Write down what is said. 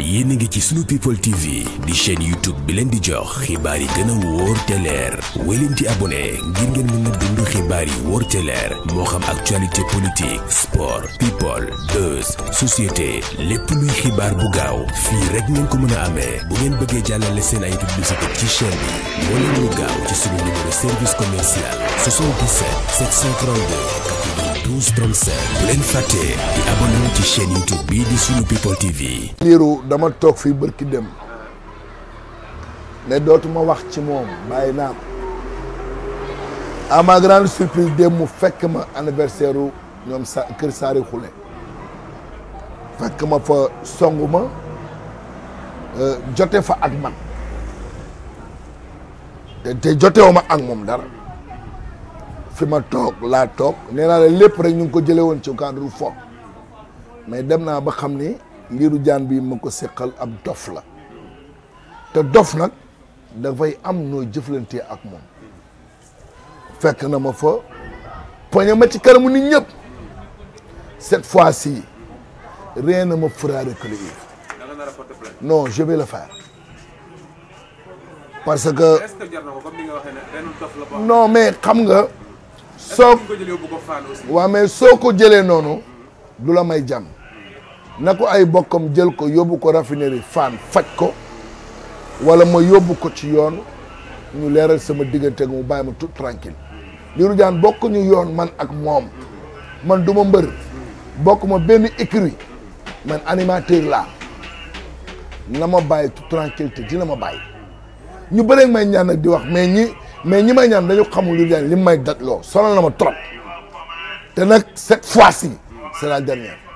yéen a ngi ci sunu people TV di chaîne YouTube bi leen di jox xibaar yi gën a wóor te leer wéy leen ci abonné ngir ngeen mën a dund xibaar yi wóor te leer moo xam actualité politique sport people buzz société lépp luy xibaar bu gaaw fii rek ngeen ko mën a amee bu ngeen bëggee jàllale seen ay publicité ci chaîne bi moo leen lu gaaw ci sunu numéro service commercial 77 732 12 35 bu leen fàtte di abonné ci chaîne YouTube bii di sunu People TV. dama toog fii bërki dem ne dootuma wax ci moom bàyyi naa ko à ma grande surprise dem mu fekk ma anniversaire ñoom sa kër Saari Xule fekk ma fa songu ma euh, jote fa ak man te jotewu ma ak moom dara. fi ma toog laa toog nee la lépp rek ñu ngi ko jëlee woon ci cadre fo mais dem naa ba xam ni liiru jaan bi ma ko seqal ab dof la te dof nag dafay am noo jëflantee ak moom fekk na ma fa poñe ma ci kanamu nit ñëpp cette fois si rien ne me fera reculer non je vais le faire parce que non mais xam nga soo waaw soo ko jëlee noonu du la may jàmm na ko ay bokkam jël ko yóbbu ko raffinerie fan faj ko walla ma yóbbu ko ci yoon ñu leeral sama diggante mu bàyyi ma tout tranquille Lirou Diane bokk ñu yoon man ak moom man du ma mbër bokk ma benn écurie man animateur la na ma bàyyi tout tranquille te dina ma bàyyi ñu bëreeg may ñaan nag di wax mais ñi mais ñi may ñaan dañu xamul lu leen li may daj loo sonal na ma trop te nag cette fois-ci c'est la dernière.